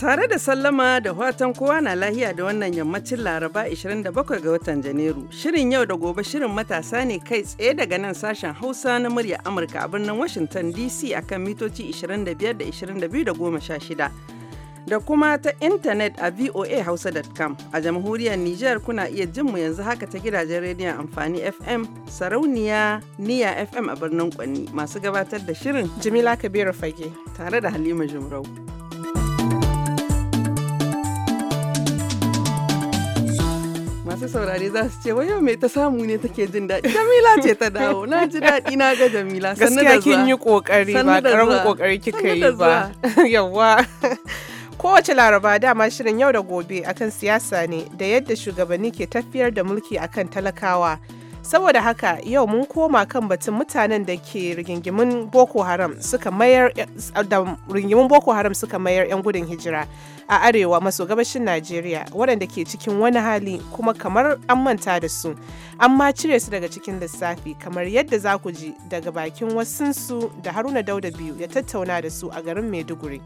Tare da sallama da watan kowa na lahiya da wannan yammacin Laraba 27 ga watan Janairu. Shirin yau da gobe shirin matasa ne kai tsaye daga nan sashen Hausa na murya Amurka a birnin Washington DC a kan mitoci 25 da 22 da Da kuma ta intanet a voahausa.com a jamhuriyar Nijar kuna iya jinmu yanzu haka ta gidajen rediyon amfani FM, sarauniya, niya FM a birnin Kwanni masu gabatar da shirin jimila Kabiru Fage tare da Halima Jumrau. masu saurare za su ce wayo mai ta samu ne take jin daɗi jamila ce ta dawo na ji daɗi na ga jamila gaskiya kin yi kokari ba karamin kokari kika yi ba yawa kowace laraba dama shirin yau da gobe akan siyasa ne da yadda shugabanni ke tafiyar da mulki akan talakawa saboda haka yau mun koma kan batun mutanen da ke rigingimin boko haram suka mayar da rigingimin boko haram suka mayar yan gudun hijira a arewa maso gabashin najeriya waɗanda ke cikin wani hali kuma kamar an manta da su amma cire su daga cikin lissafi kamar yadda za ku ji daga bakin wasunsu da haruna dauda biyu ya tattauna da su a garin maiduguri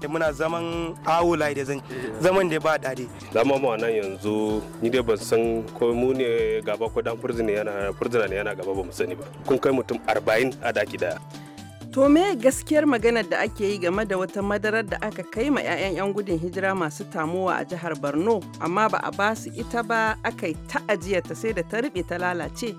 da muna zaman awo lai da zan zaman da ba dadi zama mu nan yanzu ni dai ban san ko mu ne gaba ko dan furzina yana furzina ne yana gaba ba mu sani ba kun kai mutum 40 a daki daya To me gaskiyar maganar da ake yi game da wata madarar da aka kai ma 'ya'yan 'yan gudun hijira masu tamowa a jihar Borno amma ba a basu ita ba aka yi ta sai da ta rube ta lalace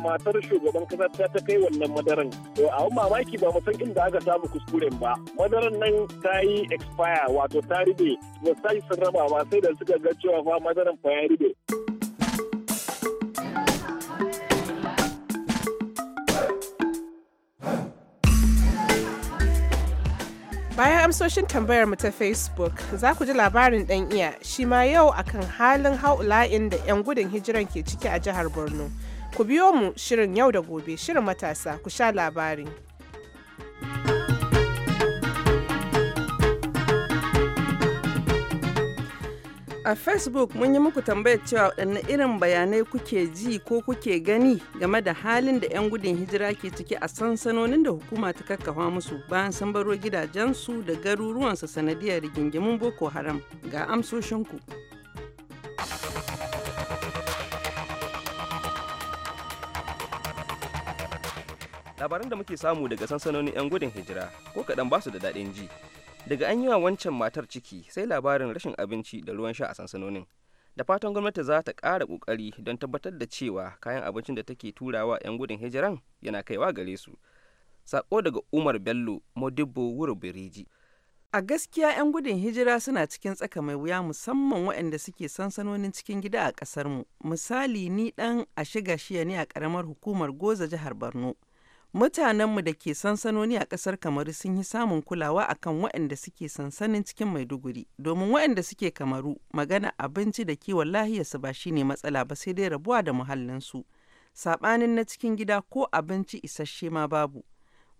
matar shugaban kasa ta ta kai wannan madaran to a mamaki ba mu san inda aka samu kuskuren ba madaran nan ta yi expire wato ta ribe ba sai sun raba ba sai da suka ga cewa fa madaran fa ya ribe Bayan amsoshin tambayar mu ta Facebook, za ku ji labarin ɗan iya shi ma yau akan halin haula'in da 'yan gudun hijiran ke ciki a jihar Borno. Ku biyo mu shirin yau da gobe, shirin matasa, ku sha labari. a facebook mun yi muku tambayar cewa waɗanne irin bayanai kuke ji ko kuke gani game da halin da 'yan gudun hijira ke ciki a sansanonin da hukuma ta kakkawa musu bayan sun baro gidajensu da garuruwansu sanadiyar rigingimin boko haram ga amsoshinku. labaran da muke samu daga sansanonin 'yan gudun hijira ko kaɗan basu da daɗin ji daga an yi wa wancan matar ciki sai labarin rashin abinci da ruwan sha a sansanonin da fatan gwamnati za ta ƙara ƙoƙari don tabbatar da cewa kayan abincin da take turawa 'yan gudun hijiran yana kaiwa gare su sako daga umar bello modibo wuro biriji a gaskiya 'yan gudun hijira suna cikin tsaka mai wuya musamman waɗanda suke sansanonin cikin gida a ƙasar mu misali ni ɗan a shiga shiya ne a ƙaramar hukumar goza jihar borno mutanenmu da ke sansanoni a ƙasar kamaru sun yi samun kulawa akan waɗanda suke sansanin cikin maiduguri domin waɗanda suke kamaru magana abinci da kiwon lahiyarsu ba shi ne matsala ba sai dai rabuwa da muhallinsu saɓanin na cikin gida ko abinci isasshe ma babu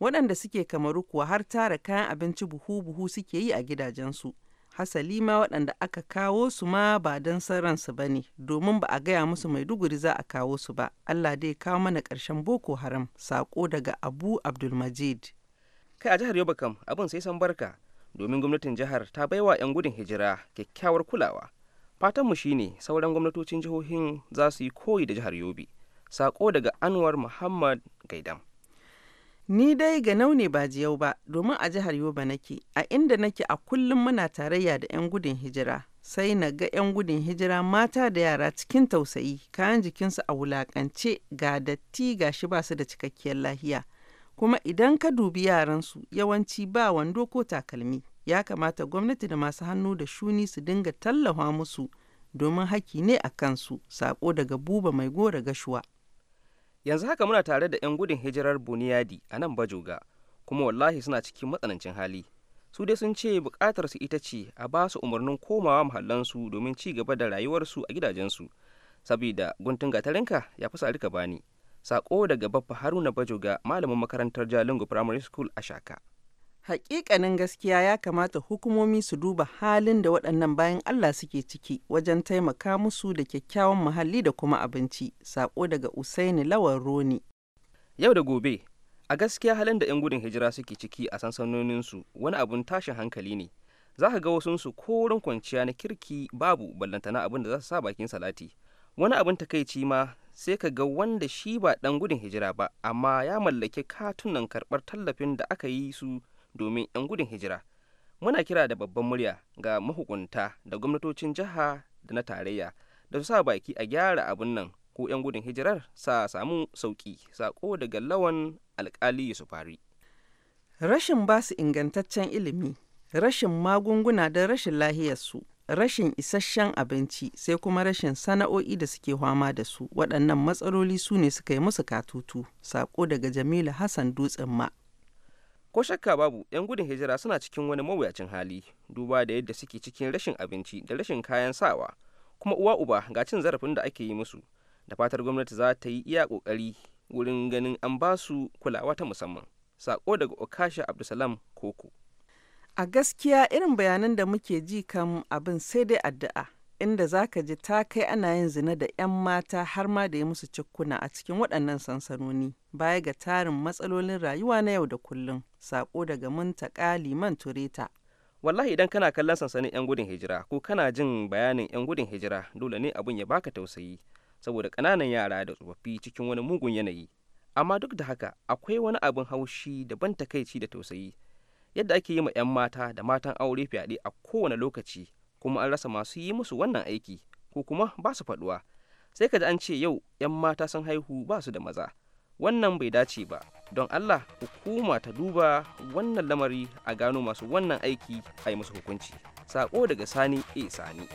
waɗanda suke kamaru kuwa har tara kayan abinci buhu-buhu suke yi a gidajensu hasali ma waɗanda aka kawo su ma ba don san ransu ba ne domin ba a gaya musu maiduguri za a kawo su ba allah dai kawo mana ƙarshen boko haram sako daga abu abdulmajid kai a jihar yobe bakam abin sai san barka domin gwamnatin jihar ta baiwa 'yan gudun hijira kyakkyawar kulawa fatanmu shine sauran gwamnatocin jihohin za su yi koyi da jihar yobe sako daga anwar muhammad gaidam Ni dai ga ne ba Jiyau ba, domin a jihar yoba nake, a inda nake a kullum muna tarayya da 'yan gudun hijira, sai na ga 'yan gudun hijira mata da yara cikin tausayi, kayan jikinsu a wulakance ga datti ga shi ba su da cikakkiyar lahiya. Kuma idan ka dubi yaransu yawanci ba wando ko takalmi, ya kamata gwamnati da masu hannu da shuni su dinga tallafa musu domin haki ne a kansu, sako daga buba mai gora gashuwa. yanzu haka muna tare da 'yan gudun hijirar buniyadi a nan bajoga kuma wallahi suna cikin matsanancin hali su dai sun ce bukatar su ita ce a ba su umarnin komawa muhallansu domin ci gaba da rayuwarsu a gidajensu saboda guntun gatarinka ya fi sarika bani sako daga babba haruna bajoga malamin makarantar jalingo primary school a shaka Hakikanin gaskiya ya kamata hukumomi su duba halin da waɗannan bayan Allah suke ciki wajen taimaka musu da kyakkyawan muhalli da kuma abinci. Sako daga Usaini Lawan Roni. Yau da gobe, a gaskiya halin da 'yan gudun hijira suke ciki a sansanoninsu wani abun tashin hankali ne. Za ka ga wasunsu ko wurin kwanciya na kirki babu ballantana abin da za su sa bakin salati. Wani abun takaici ma sai ka ga wanda shi ba ɗan gudun hijira ba amma ya mallaki katunan karɓar tallafin da aka yi su domin 'yan gudun hijira muna kira da babban murya ga mahukunta da gwamnatocin jiha da na tarayya da su sa baki a gyara abun nan ko 'yan gudun hijirar sa samu sauki sako daga lawan alkali su fari rashin basu ingantaccen ilimi rashin magunguna da rashin lahiyarsu rashin isasshen abinci sai kuma rashin sana'o'i da suke fama da su waɗannan matsaloli su ne suka yi musu katutu sako daga jamilu hassan dutsen ma ko shakka babu 'yan gudun hijira suna cikin wani mawuyacin hali duba da yadda suke cikin rashin abinci da rashin kayan sawa kuma uwa uba ga cin zarafin da ake yi musu da fatar gwamnati za ta yi iya kokari wurin ganin an ba su kulawa ta musamman sako daga okasha abdulsalam koko a gaskiya irin bayanan da muke ji kan abin sai dai addu'a inda za ka ji ta kai ana yin zina da 'yan mata har ma da yi musu cikkuna a cikin waɗannan sansanoni baya ga tarin matsalolin rayuwa na yau da kullum sako daga muntaka liman tureta wallahi idan kana kallon sansanin 'yan gudun hijira ko kana jin bayanin 'yan gudun hijira dole ne abin ya baka tausayi saboda ƙananan yara da tsofaffi cikin wani mugun yanayi amma duk da haka akwai wani abin haushi da ban takaici da tausayi yadda ake yi ma 'yan mata da matan aure fyaɗe a kowane lokaci kuma an rasa masu yi musu wannan aiki ko kuma ba su faduwa sai ka ji an ce yau 'yan mata sun haihu ba su da maza wannan bai dace ba don allah hukuma ta duba wannan lamari a gano masu wannan aiki a yi musu hukunci sako daga sani e sani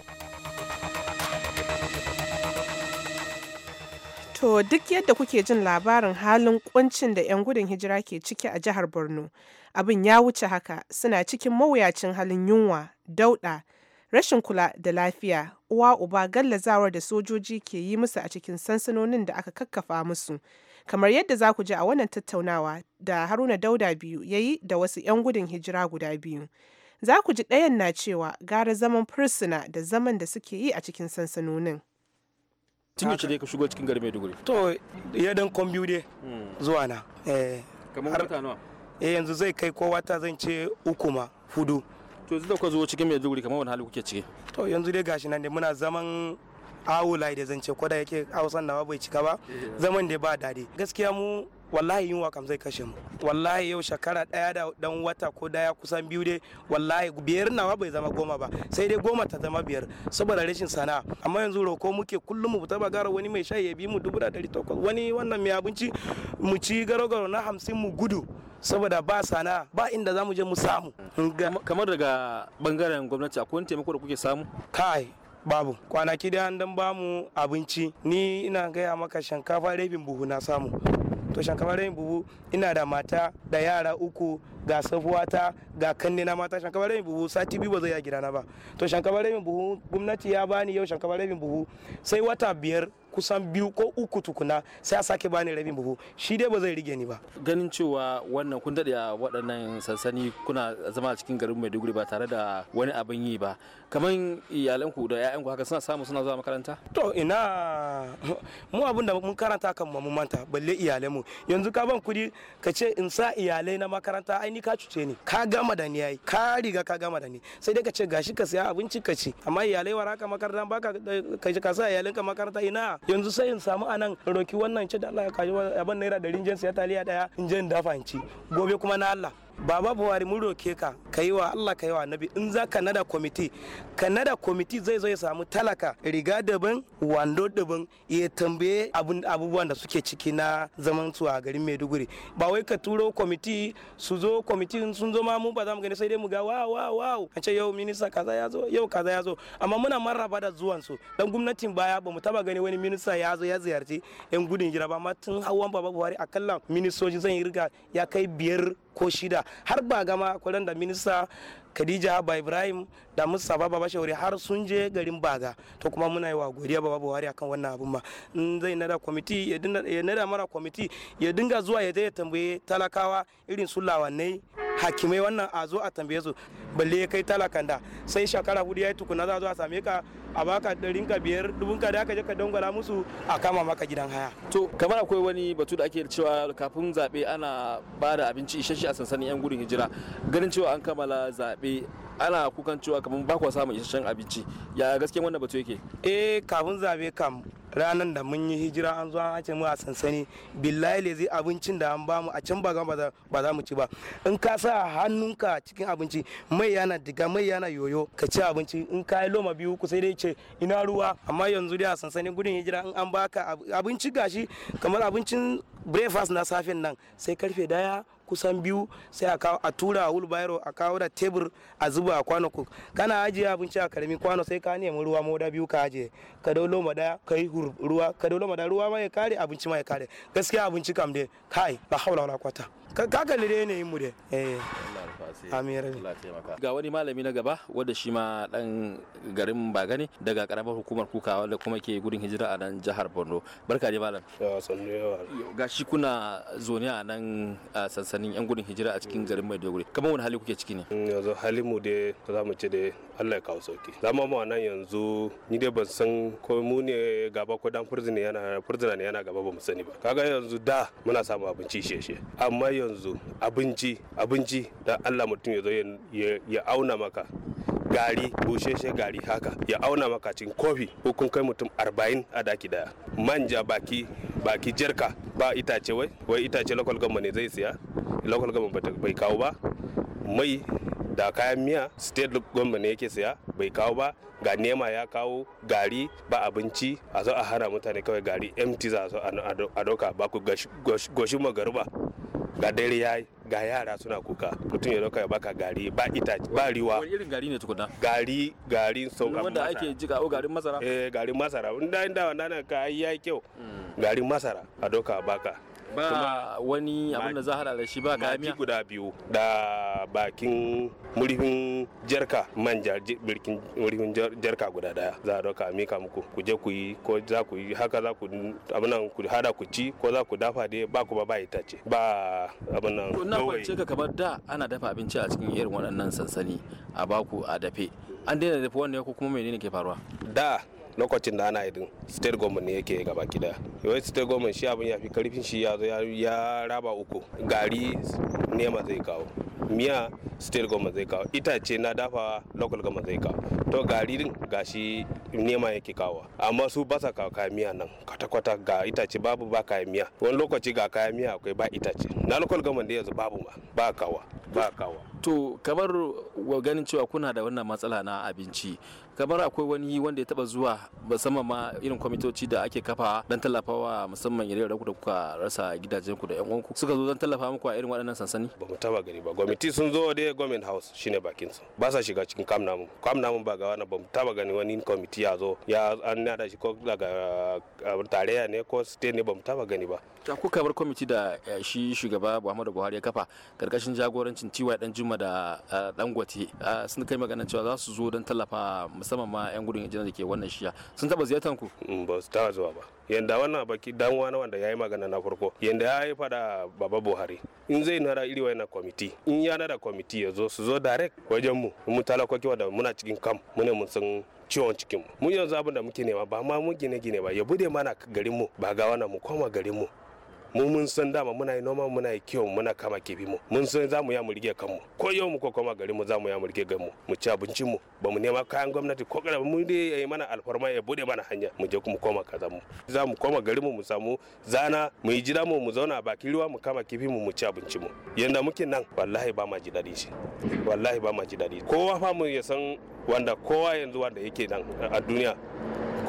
To duk yadda kuke jin labarin halin kuncin da 'yan gudun hijira ke ciki a jihar Borno, abin ya wuce haka suna cikin mawuyacin halin yunwa, dauɗa, rashin kula da lafiya uwa uba gallazawar da sojoji ke yi musu a cikin sansanonin da aka kakkafa musu kamar yadda za ku ji a wannan tattaunawa da haruna dauda biyu ya yi da wasu 'yan gudun hijira guda biyu za ku ji ɗayan na cewa gara zaman fursuna da zaman da suke yi a cikin sansanonin tun yace dai ka shigo cikin garin maiduguri to ya dan ne hmm. zuwa na eh, kamar eh yanzu zai kai ko wata zance uku ma hudu to yanzu da kuka zo cikin Maiduguri kamar wani hali kuke ciki to yanzu dai gashi nan da muna zaman awo da zance ko da yake hausan nawa bai cika ba eh. zaman da ba dadi gaskiya mu wallahi yunwa kam zai kashe mu wallahi yau shekara daya da dan wata ko daya kusan biyu dai wallahi biyar nawa bai zama goma ba sai dai goma ta zama biyar saboda rashin sana'a amma yanzu roko muke kullum mu ta bagara wani mai shayi ya bi mu dubu da dari takwas wani wannan mai abinci mu ci garo-garo na hamsin mu gudu saboda ba sana ba inda za mu je mu samu. kamar daga bangaren gwamnati akwai wani taimako da kuke samu? kai babu kwanaki da an dan bamu abinci ni ina gaya maka shinkafa rabin buhu na samu to shankabarayin bubu ina da mata da yara uku ga safuwata ga kanne na mata shankabarayin bubu sati biyu ba zai ya gidana ba to shankabarayin bubu gwamnati ya bani yau shankabarayin bubu sai wata biyar kusan biyu ko uku tukuna sai a sake bani rabin buhu shi dai ba zai rige ni ba ganin cewa wannan kun daɗe a waɗannan sansani kuna zama a cikin garin maiduguri ba tare da wani abin yi ba kamar iyalanku da 'ya'yanku haka suna samu suna zuwa makaranta to ina mu abin da mun karanta kan mu manta balle iyalanmu yanzu ka ban kuɗi ka ce in sa iyalai na makaranta ai ni ka cuce ni ka gama da ni yayi ka riga ka gama da ni sai dai ka ce gashi ka siya abinci ka ci amma iyalai waraka makaranta baka ka sa iyalanka makaranta ina yanzu sai in samu anan roki wannan ce da Allah ya kaji abin naira 100 jinsi ya taliya daya in je in dafa in ci gobe kuma na Allah baba buhari mun roke ka ka yi wa allah ka yi wa nabi in za ka nada kwamiti ka nada kwamiti zai zo ya samu talaka riga daban wando daban ya tambaye abubuwan da suke ciki na zaman su a garin maiduguri ba wai ka turo kwamiti su zo kwamiti sun zo ma mu ba za mu gani sai dai mu ga wa wa wa a ce yau minista kaza ya zo yau kaza ya zo amma muna marraba da zuwan su dan gwamnatin baya ba mu taba gani wani minista ya zo ya ziyarci yan gudun jira ba amma tun hawan baba buhari kallan ministoci zan yi riga ya kai biyar ko shida har ba gama kwaran da minista khadija haba ibrahim da ba baba shauri har sun je garin baga to kuma muna yi wa godiya baba buhari akan wannan abun ma in zai nada kwamiti ya nada mara kwamiti ya dinga zuwa ya je ya tambaye talakawa irin su lawannai hakimai wannan a zo a tambaye su balle ya kai talakan da sai shekara hudu ya yi tukuna za a zo a same ka a baka ɗarin ka biyar dubun ka da ka je ka dangwala musu a kama maka gidan haya. To kamar akwai wani batu da ake cewa kafin zaɓe ana ba da abinci isasshe a sansanin 'yan gudun hijira ganin cewa an kammala zaɓe ana kukan cewa kamar ba samun isasshen abinci ya gaskiyan wannan batu yake. Eh kafin zaɓe kam ranar da mun yi hijira an zo an ace mu a sansani billahi le zai abincin da an bamu a can ba ga ba za mu ci ba in ka sa hannunka cikin abinci mai yana diga mai yana yoyo ka ci abinci in ka yi loma biyu ku sai dai ce ina ruwa amma yanzu dai a sansani gudun hijira in an baka abinci gashi kamar abincin breakfast na safen nan sai karfe daya kusan biyu sai a tura wulbairo a kawo da tebur a zuba a kwano ku kana ajiye abinci a karami kwano sai ka nemi ruwa moda biyu ka ajiye ka daulo ma ka kai ruwa ka daulo ma da ruwa ma ya kare abinci ma ya kare gaskiya abinci kam dai kai ba haula wala kwata kaka kalli ne yanayin mu dai eh amira ga wani malami na gaba wanda shi ma dan garin bagani daga karamar hukumar kuka wanda kuma ke gudun hijira a nan jihar borno barka da malam ga shi kuna zone a nan sansanin yan gudun hijira a cikin garin maiduguri kamar wani hali kuke ciki ne mm, yanzu hali mu dai za mu ce dai allah ya kawo sauki zama mu a nan yanzu ni dai ban san ko mu ne gaba ko dan furzina yana furzina ne yana gaba ba mu sani ba kaga yanzu da muna samun abinci sheshe amma yanzu abinci abinci da Allah mutum ya zo ya auna maka gari busheshe gari haka ya auna maka cin kofi ko kun kai mutum arba'in a daki daya manja baki baki jirka ba itace wai wai itace local government ne zai siya local government bai kawo ba mai da kayan miya state government ne yake siya bai kawo ba ga nema ya kawo gari ba abinci a zo a hana mutane kawai gari empty za a zo a doka ba ku goshi magaruba ga dare ya yi ga yara suna kuka mutum ya dauka ya baka gari ba ita ba riwa wani irin gari ne tukuna gari garin sauka wanda ake jika o oh, garin masara eh garin masara inda inda wannan ka ai yayi kyau hmm. garin masara a doka baka ba wani abin da za hada da shi ba ka guda biyu da bakin murhun jarka manja birkin murhun jarka guda daya za a doka mika muku ku je ku yi ko za ku yi haka za ku abin ku hada ku ci ko za ku dafa dai ba ku ba ba ce ba abin nan na kwance ka kamar da ana dafa abinci a cikin irin waɗannan sansani a baku a dafe an daina dafa wannan ko kuma menene ke faruwa da lokacin da ana idin state government ne yake gaba kida yawai state government shi abin ya fi karfin shi ya zo ya raba uku gari nema zai kawo miya state government zai kawo itace na dafa local government zai kawo to gari din gashi nema yake kawo amma su basa kawo kayan miya nan kwata-kwata ga itace babu ba kayan miya wani lokaci ga kayan miya akwai ba itace na local government da yanzu babu ma ba kawo ba kawo to kamar ganin cewa kuna da wannan matsala na abinci kamar akwai wani wanda ya taba zuwa musamman ma irin kwamitoci da ake kafa dan tallafawa musamman irin da kuka rasa gidajen ku da yan uwanku suka zo dan tallafa muku a irin waɗannan sansani ba mu taba gani ba gwamnati sun zo da government house shine bakin su ba sa shiga cikin kam namu kam namu ba ga wani ba mu taba gani wani kwamiti ya zo ya an nada shi ko daga tarayya ne ko state ne ba mu taba gani ba ta kuka bar kwamiti da eh, shi shugaba Muhammadu Buhari ya kafa karkashin jagorancin Tiwa dan Juma kuma da eh, Dangote eh, sun kai magana cewa za su zo don tallafa musamman ma 'yan gudun hijira da ke wannan shiya sun taba ziyartar ku mm, ba su taba zuwa ba yanda wannan baki dan wani wanda ya yi magana na farko yanda ya yi fada baba buhari in zai nara iri na kwamiti in ya nara kwamiti ya zo su zo direct wajen mu mu talakoki wanda muna cikin kam ne mun san ciwon cikin mu yanzu abin da muke nema ba ma mu gine gine ba ya bude mana garinmu ba ga wannan mu koma garinmu. mu mun san dama muna yi noma muna yi kiwo muna kama kifi mu mun san za mu ya mu rige kanmu ko yau mu ko kuma gari mu za mu ya mu rige kanmu mu ci abincin mu ba mu nema kayan gwamnati ko kada mu dai yayi mana alfarma ya bude mana hanya mu je kuma koma kaza mu za mu koma gari mu mu samu zana mu yi jira mu mu zauna a bakin ruwa mu kama kifi mu mu ci abincin mu yanda muke nan wallahi ba ma ji dadi shi wallahi ba ma ji dadi kowa fa mu ya san wanda kowa yanzu wanda yake nan a duniya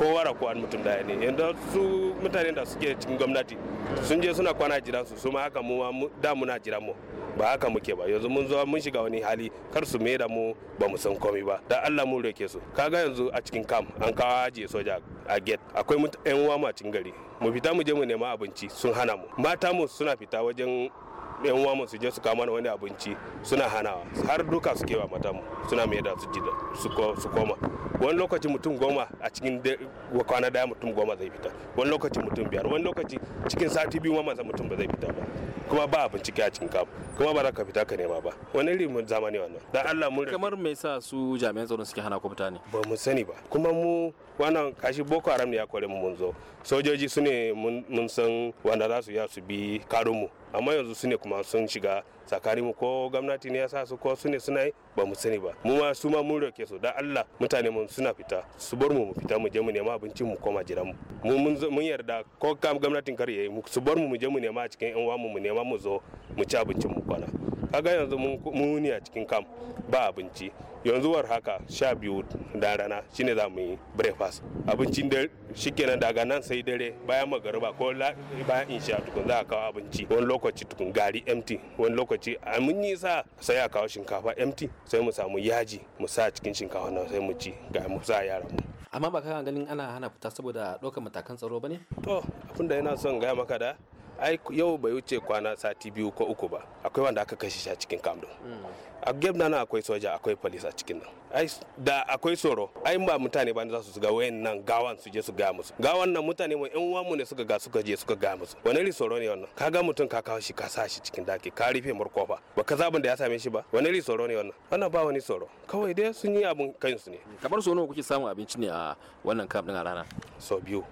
kowa ra kowa mutum daya ne yanda su mutane da suke cikin gwamnati sun je suna kwana jiran su su ma haka mu da muna jiran mu ba haka muke ba yanzu mun zo mun shiga wani hali kar su mai da mu ba mu san komai ba da Allah mu roke su kaga yanzu a cikin kam an kawo ajiye soja a gate akwai yan uwa mu cikin gari mu fita mu je mu nema abinci sun hana mu mata mu suna fita wajen da yan uwa su je su kawo mana wani abinci suna hanawa har duka su kewa mata mu suna mai da su ji su koma wani lokaci mutum goma a cikin kwana daya mutum goma zai fita wani lokaci mutum biyar wani lokaci cikin sati biyu ma mutum ba zai fita ba kuma ba ke a cikin kam kuma ba za ka fita ka nema ba wani mun zamani wannan dan Allah mun kamar me yasa su jami'an tsaron suke hana ku fita ne ba mu sani ba kuma mu wannan kashi boko haram ne ya kore mu mun zo sojoji su ne mun san wanda za su ya su bi karo mu amma yanzu su ne kuma sun shiga tsakanin mu ko gwamnati ne ya sa su ko su ne suna yi ba mu sani ba mu ma su ma mun roke su da Allah mutane mun suna fita su bar mu mu fita mu je mu nema abincin mu koma jira mu mun yarda ko kam gwamnatin kar yayi su bar mu mu je mu nema cikin yan uwa mu mu nema mu zo mu ci abincin mu kwana kaga yanzu mun a cikin kam ba abinci yanzu war haka sha biyu da rana shine za mu yi breakfast abincin da shikenan daga nan sai dare bayan magariba ko bayan insha tukun za a kawo abinci wani lokaci tukun gari empty wani lokaci a mun yi sa sai a kawo shinkafa empty sai mu samu yaji mu sa cikin shinkafa nan sai mu ci ga mu sa yaran mu amma ba ganin ana hana fita saboda ɗaukar matakan tsaro ba ne? to abin da yana son gaya maka da ai yau bai wuce kwana sati biyu ko uku ba akwai wanda aka kashe shi a cikin kam hmm. a gab nan akwai soja akwai police a cikin nan ai da akwai tsoro ai ba mutane ba za su ga wayannan gawan su je su ga musu gawan nan mutane mu yan uwanmu ne suka ga suka je suka ga musu wani ri tsoro ne wannan ka ga mutum ka kawo shi ka sa shi cikin daki ka rufe murkofa ba ka zabin da ya same shi ba wani ri tsoro ne wannan wannan ba wani tsoro kawai dai sun yi abun kansu ne kamar so nawa kuke samun abinci ne a wannan kam din a rana So biyu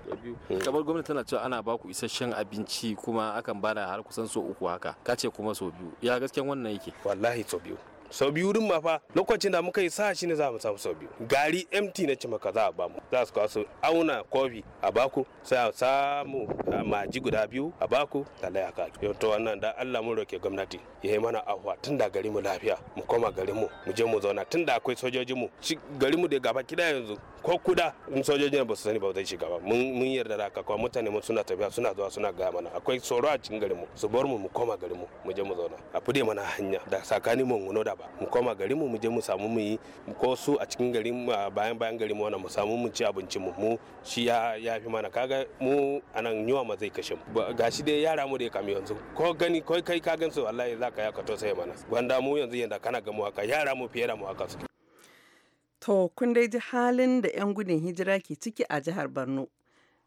hmm. kamar gwamnati tana cewa ana ba ku isasshen abinci kuma akan bada har kusan so uku haka ka ce kuma so biyu ya gaskiyan wannan yake wallahi so biyu sau biyu wurin ma lokacin da muka yi sa shi ne za mu samu sau biyu gari mt na maka za a bamu za su kawo auna kofi a baku sai a samu maji guda biyu a baku da layaka yau to wannan da allah mun roke gwamnati ya yi mana ahuwa tun da gari mu lafiya mu koma gari mu mu je mu zauna tun da akwai sojoji mu gari mu da gaba kida yanzu ko kuda in sojojin ba su sani ba zai shiga ba mun yarda da haka kuma mutane mun suna tafiya suna zuwa suna gaya mana akwai tsoro a cikin gari mu su bar mu mu koma gari mu mu je mu zauna a fude mana hanya da tsakanin mu da ba mu koma gari mu je mu samu mu yi ko su a cikin gari bayan bayan gari mu wannan mu samu mu ci abincin mu mu shi ya ya fi mana kaga mu anan yunwa ma zai kashe mu gashi dai yara mu da ya yanzu ko gani ko kai ka gansu wallahi zaka ya ka sai mana gwanda mu yanzu yanda kana ga mu haka yara mu fiye da mu haka To, kun dai ji halin da 'yan gudun hijira ke ciki a jihar Borno,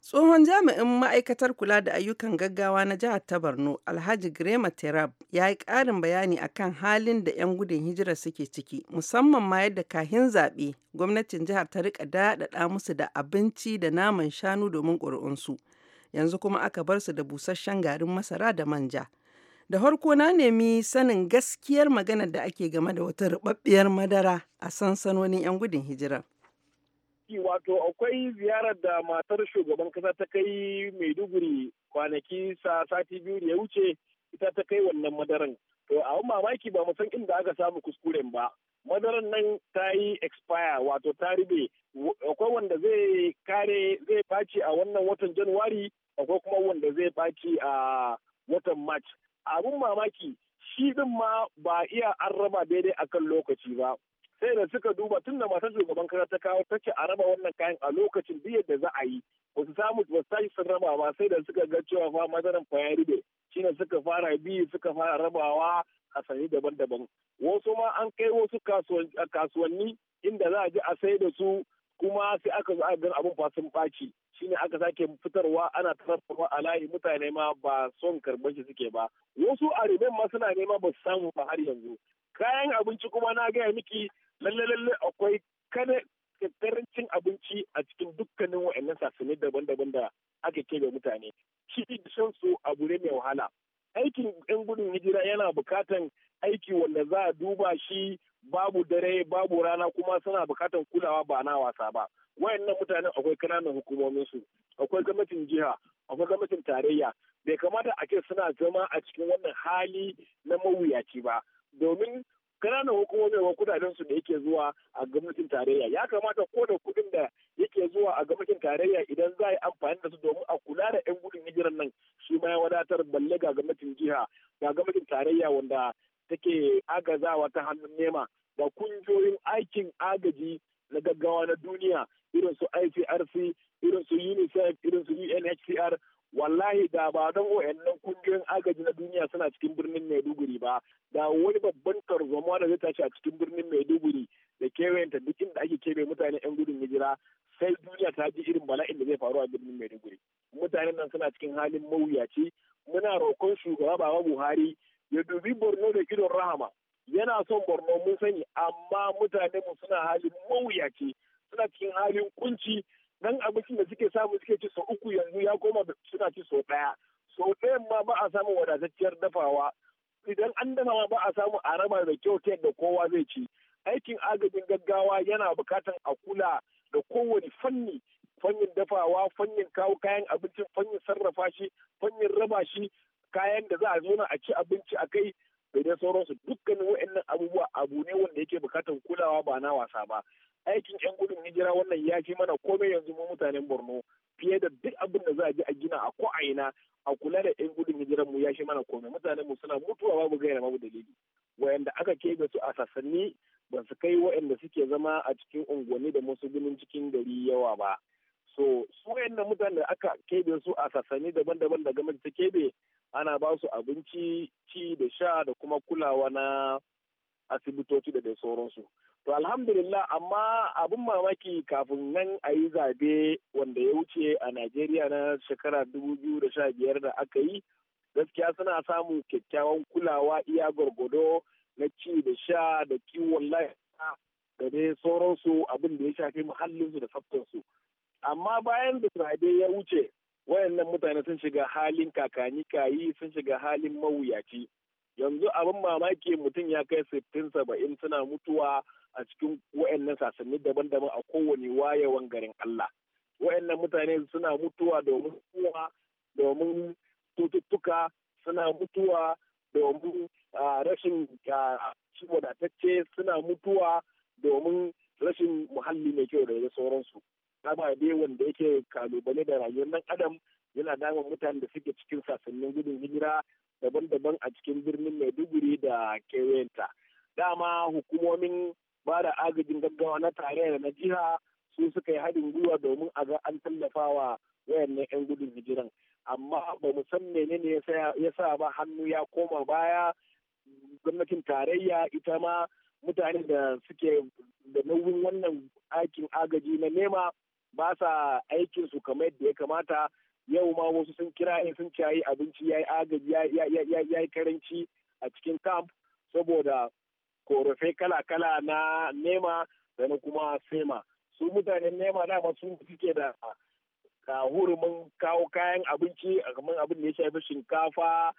Tsohon jami'in ma'aikatar kula da ayyukan gaggawa na jihar ta Borno, Alhaji Grema Terab, ya yi ƙarin bayani a kan halin da 'yan gudun hijira suke ciki, musamman ma yadda kahin zaɓe gwamnatin jihar ta rika daɗaɗa musu da abinci da naman shanu domin ƙuri'unsu. Yanzu kuma aka bar su da busasshen garin masara da manja. Da farko na nemi sanin gaskiyar maganar da ake game da wata ruɓaɓɓiyar madara a sansanonin 'yan gudun hijira. aiki wato akwai ziyarar da matar shugaban kasa ta kai maiduguri kwanaki sa sati biyu da ya wuce ita ta kai wannan madaran to a mamaki ba san inda aka samu kuskuren ba madaran nan ta yi expire wato ta ribe akwai wanda zai kare zai baci a wannan watan januwari akwai kuma wanda zai baci a watan march abun mamaki shi din ma ba iya an raba daidai akan lokaci ba sai da suka duba tun da matar shugaban kasa ta kawo take a raba wannan kayan a lokacin biyar da za a yi ba su samu ba su tashi sun raba ba sai da suka ga cewa fa madaran fa ya ribe ne suka fara bi suka fara rabawa a sanyi daban-daban wasu ma an kai wasu kasuwanni inda za a je a sai da su kuma sai aka zo a gan abin fa sun ɓaci shine aka sake fitarwa ana tarfarwa a layi mutane ma ba son karɓar shi suke ba wasu a riben ma suna nema ba su samu ba har yanzu kayan abinci kuma na gaya miki lalle lalle akwai kare karancin abinci a cikin dukkanin wa'annan sasani daban-daban da ake keɓe mutane shi da shan su abu ne mai wahala aikin yan gudun hijira yana bukatan aiki wanda za a duba shi babu dare babu rana kuma suna bukatan kulawa ba na wasa ba wayannan mutanen akwai kananan hukumomin su akwai gwamnatin jiha akwai gwamnatin tarayya bai kamata a ce suna zama a cikin wannan hali na mawuyaci ba domin ƙananan hukumomi wa kudaden su da yake zuwa a gwamnatin tarayya ya kamata ko da kuɗin da yake zuwa a gwamnatin tarayya idan za a yi amfani da su domin a kula da 'yan gudun hijiran nan shi ma ya wadatar balle ga gwamnatin jiha ga gwamnatin tarayya wanda take agazawa ta hannun nema da kungiyoyin aikin agaji na gaggawa na duniya irin su ICRC wallahi da ba don nan kungiyoyin agaji na duniya suna cikin birnin Maiduguri ba da wani babban tarzoma da zai tashi a cikin birnin Maiduguri da kewayenta duk inda ake kebe mutane yan gudun hijira sai duniya ta ji irin bala'in da zai faru a birnin Maiduguri mutanen nan suna cikin halin mawuyaci muna roƙon shugaba Baba Buhari ya dubi Borno da idon rahama yana son Borno mun sani amma mutanen mu suna halin mawuyaci suna cikin halin kunci nan abincin da suke samu suke ci sau uku yanzu ya koma suna ci sau ɗaya sau ɗayan ma ba a samun wadatacciyar dafawa idan an dafa ba a samu a raba da kyau ta yadda kowa zai ci aikin agajin gaggawa yana bukatan a kula da kowane fanni fannin dafawa fannin kawo kayan abincin fannin sarrafa shi fannin raba shi kayan da za a zo a ci abinci a kai da dai sauransu dukkanin wa'annan abubuwa abu ne wanda yake bukatan kulawa ba na wasa ba aikin yan gudun hijira wannan ya fi mana komai yanzu mu mutanen borno fiye da duk abin da za a je a gina a ko a a kula da yan gudun hijiran mu ya fi mana komai mutanen mu suna mutuwa babu gaira babu dalili wayanda aka keɓe su a sassanni ba su kai wayanda suke zama a cikin unguwanni da masu ginin cikin gari yawa ba so su wayanda mutanen da aka keɓe su a sassanni daban-daban da gamar ta keɓe ana ba su abinci ci da sha da kuma kulawa na asibitoci da dai sauransu To alhamdulillah amma abin mamaki kafin nan a yi zabe wanda ya wuce a Najeriya na shekara dubu biyu da biyar da aka yi gaskiya suna samun kyakkyawan kulawa iya gwargwado na ci da sha da kiwon lafiya da dai sauransu abin da ya shafi muhallinsu da tsaftarsu. Amma bayan da zabe ya wuce wayannan mutane sun shiga halin kakani kayi sun shiga halin mawuyaci. yanzu abin mamaki mutum ya kai sittin saba'in suna mutuwa a cikin wa'annan sasanni daban-daban a kowane wayewan garin Allah wa'annan mutane suna mutuwa domin kuwa domin cututtuka suna mutuwa domin rashin wadatacce suna mutuwa domin rashin muhalli mai kyau da sauransu kama dai wanda yake kalubale da rayuwar nan adam yana damun mutane da suke cikin sasannin gudun hijira daban-daban a cikin birnin maiduguri da kewayenta dama hukumomin ba da agajin gaggawa na tarayya na jiha su suka yi haɗin gwiwa domin a ga an tallafawa wayannan 'yan gudun hijiran amma ba mu san menene ya sa ba hannu ya koma baya gwamnatin tarayya ita ma mutane da suke da nauyin wannan aikin agaji na nema ba sa aikinsu kamar yadda ya kamata yau ma wasu sun kira in sun ce abinci ya yi agaji ya yi karanci a cikin camp saboda korafe kala-kala na nema da na kuma sema su mutanen nema dama sun suke da ka hurumin kawo kayan abinci kamar abin da ya shafi shinkafa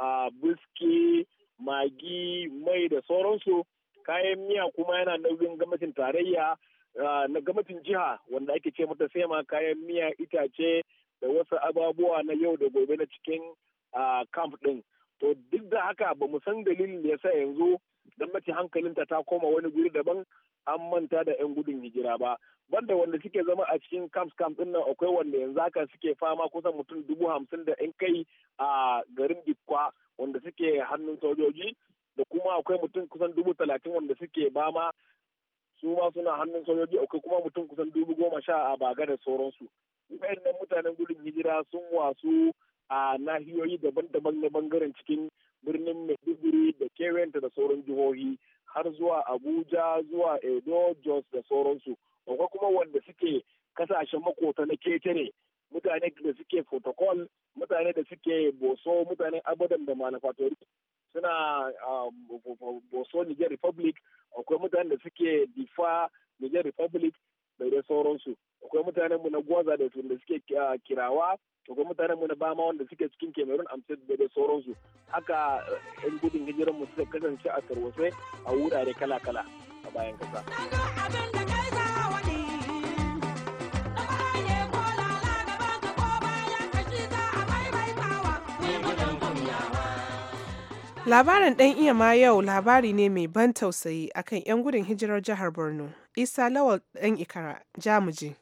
a biski magi mai da sauransu kayan miya kuma yana nauyin gamatin tarayya na gamatin jiha wanda ake ce mata sema kayan miya itace da wasu ababuwa na yau da gobe na cikin camp din to duk da haka ba mu san dalilin ya sa yanzu mace hankalinta ta koma wani guri daban an manta da 'yan gudun hijira ba banda wanda suke zama a cikin camps camp din nan akwai wanda yanzu haka suke fama kusan mutum dubu hamsin da 'yan kai a garin dikwa wanda suke hannun sojoji da kuma akwai mutum kusan dubu talatin wanda suke bama su ma suna hannun sojoji akwai kuma mutum kusan dubu goma sha a baga da sauransu wayannan mutanen gudun hijira sun wasu a nahiyoyi daban-daban na bangaren cikin birnin maiduguri da kewenta da sauran jihohi har zuwa abuja zuwa edo jos da sauransu akwai kuma wanda suke kasashen makota na ketare mutane da suke protocol mutane da suke boso mutane abadan da manufatori suna um, boso niger republic akwai mutane da suke difa niger republic da sauransu akwai mutanenmu na gwaza da wanda suke kirawa akwai mutanenmu na bama wanda suke cikin cameroon amsterdam da sauransu haka yan eh, gudun mu suka kasance a tarwasai a wurare kala-kala a bayan kasa. Labarin ɗan iya ma yau labari ne mai ban tausayi akan 'yan gudun hijirar jihar Borno, Isa Lawal ɗan Ikara, Jamuji.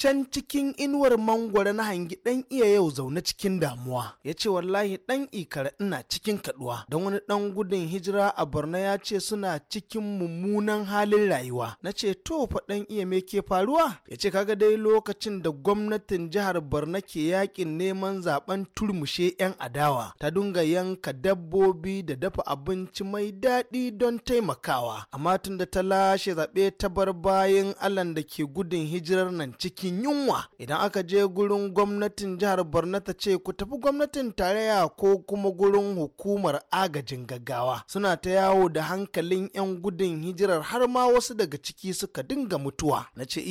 can cikin inuwar mangwara na hangi dan iya yau zaune cikin damuwa ya ce wallahi dan ikara ina cikin kaduwa don wani dan gudun hijira a borno ya ce suna cikin mummunan halin rayuwa na ce to fa dan iya me ke faruwa ya ce kaga dai lokacin da gwamnatin jihar borno ke yakin neman zaben turmushe yan adawa ta dunga yanka dabbobi da dafa abinci mai daɗi don taimakawa amma tun da ta lashe zaɓe ta bar bayan allan da ke gudun hijirar nan ciki. aikin yunwa idan aka je gurin gwamnatin jihar borno ta ce ku tafi gwamnatin tarayya ko kuma gurin hukumar agajin gaggawa suna ta yawo da hankalin 'yan gudun hijirar har ma wasu daga ciki suka dinga mutuwa na ce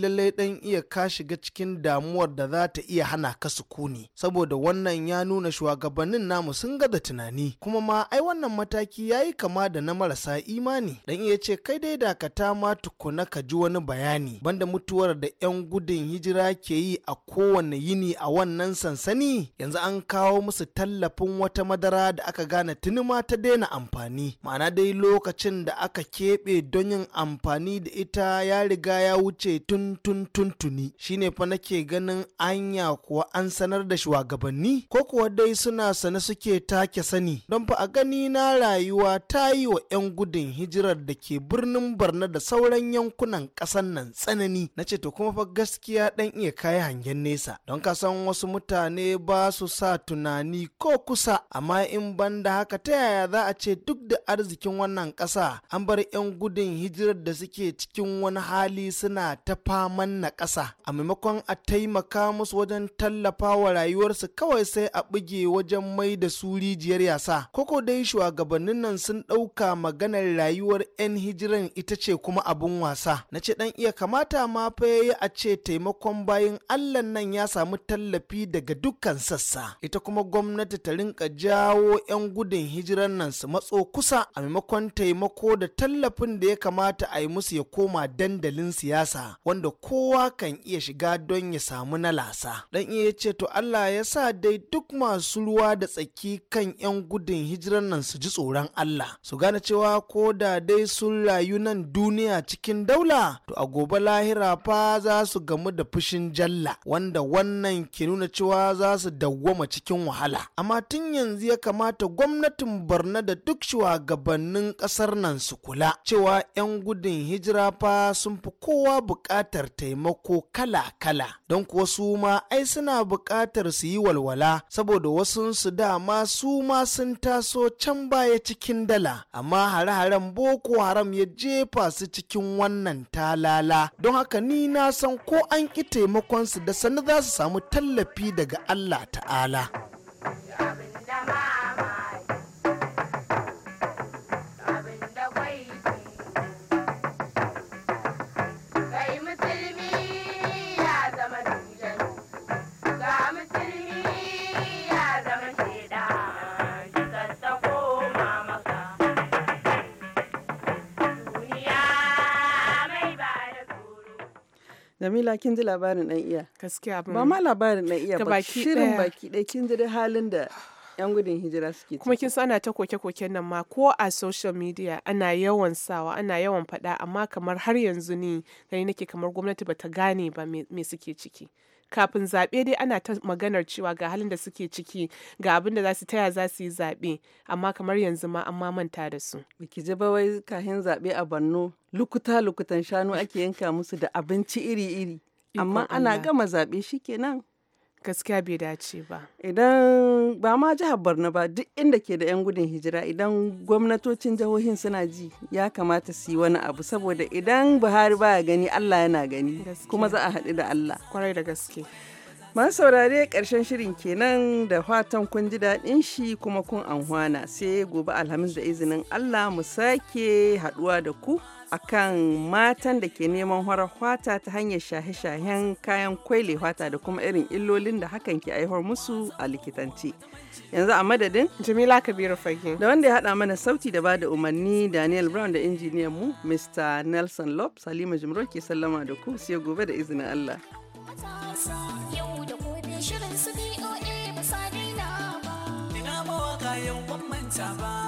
lallai dan iya ka shiga cikin damuwar da za ta iya hana ka sukuni saboda wannan ya nuna shugabannin namu sun ga da tunani kuma ma ai wannan mataki ya yi kama da na marasa imani dan iya ce kai dai dakata ma tukuna ka ji wani bayani banda mutuwar da 'yan gudun gudun hijira ke yi a kowane yini a wannan sansani yanzu an kawo musu tallafin wata madara da aka gane tuni ma ta daina amfani ma'ana dai lokacin da aka keɓe don yin amfani da ita ya riga ya wuce tun tun tun tuni shine fa nake ganin anya kuwa an sanar da shugabanni ko kuwa dai suna sane suke take sani don fa a gani na rayuwa ta yi wa 'yan gudun hijirar da ke birnin barna da sauran yankunan ƙasan nan tsanani na ce to kuma fa gas gaskiya ɗan iya kayi hangen nesa don ka san wasu mutane ba su sa tunani ko kusa amma in banda haka ta yaya za a ce duk da arzikin wannan ƙasa an bar 'yan gudun hijirar da suke cikin wani hali suna ta faman na ƙasa a maimakon a taimaka musu wajen tallafa wa rayuwarsu kawai sai a buge wajen mai da su rijiyar yasa koko dai shugabannin nan sun ɗauka maganar rayuwar 'yan hijiran ita ce kuma abun wasa na ce ɗan iya kamata ma fa yayi a ce taimakon bayan allah nan ya samu tallafi daga dukkan sassa ita kuma gwamnati ta rinka jawo 'yan gudun hijirar nan su matso kusa a maimakon taimako da tallafin da ya kamata a yi musu ya koma dandalin siyasa wanda kowa kan iya shiga don ya samu na lasa dan iya ce to allah ya sa dai duk masu ruwa da tsaki kan 'yan gudun hijirar nan su ji tsoron allah su gane cewa ko da dai sun rayu nan duniya cikin daula to a gobe lahira fa za su ga game da fushin jalla wanda wannan ke nuna cewa za su dawwama cikin wahala amma tun yanzu ya kamata gwamnatin barna da duk shugabannin kasar nan su kula cewa 'yan gudun hijira fa sun fi kowa buƙatar taimako kala-kala don kuwa su ma ai suna buƙatar su yi walwala saboda wasu su dama su ma sun taso can baya cikin dala amma hare-haren boko haram ya jefa su cikin wannan talala don haka ni na san ko ko an ƙi taimakonsu da sannu za su samu tallafi daga Allah ta'ala. Jamila kin ji labarin ɗan iya. Gaskiya ba ma labarin ɗan iya ba shirin baki ɗaya kin ji halin da 'yan gudun hijira suke kuma kin ana ta koke koke nan ma ko a social media ana yawan sawa ana yawan faɗa amma kamar har yanzu ni gani nake kamar gwamnati ba ta gane ba me suke ciki kafin zaɓe dai ana ta maganar cewa ga halin da suke ciki ga abin da za su taya za su yi zaɓe amma kamar yanzu ma an mamanta da su. Biki ji bawai kahin zaɓe a Borno lukuta lukutan shanu ake yanka musu da abinci iri iri amma ana gama zaɓe shikenan gaskiya bai dace ba idan ba ma jihar borno ba duk inda ke da 'yan gudun hijira idan gwamnatocin jihohin suna ji ya kamata su yi wani abu saboda idan buhari baya gani allah yana gani kuma za a haɗu da allah kwarai da gaske Masu saurare ƙarshen shirin kenan da fatan kun ji daɗin shi kuma kun anhwana sai gobe alhamis da izinin Allah mu sake haɗuwa da ku akan matan da ke neman horar hwata ta hanyar shahe-shahen kayan kwaile hwata da kuma irin illolin da hakan ke aihwar musu a likitanci. Yanzu a madadin? Jamila Kabiru Fagin. Da wanda ya haɗa mana sauti da bada umarni Daniel Brown da injiniyan mu Mr. Nelson Lop Salima Jimro ke sallama da ku sai gobe da izinin Allah. Yau da gobe shirin su ba ba. ba.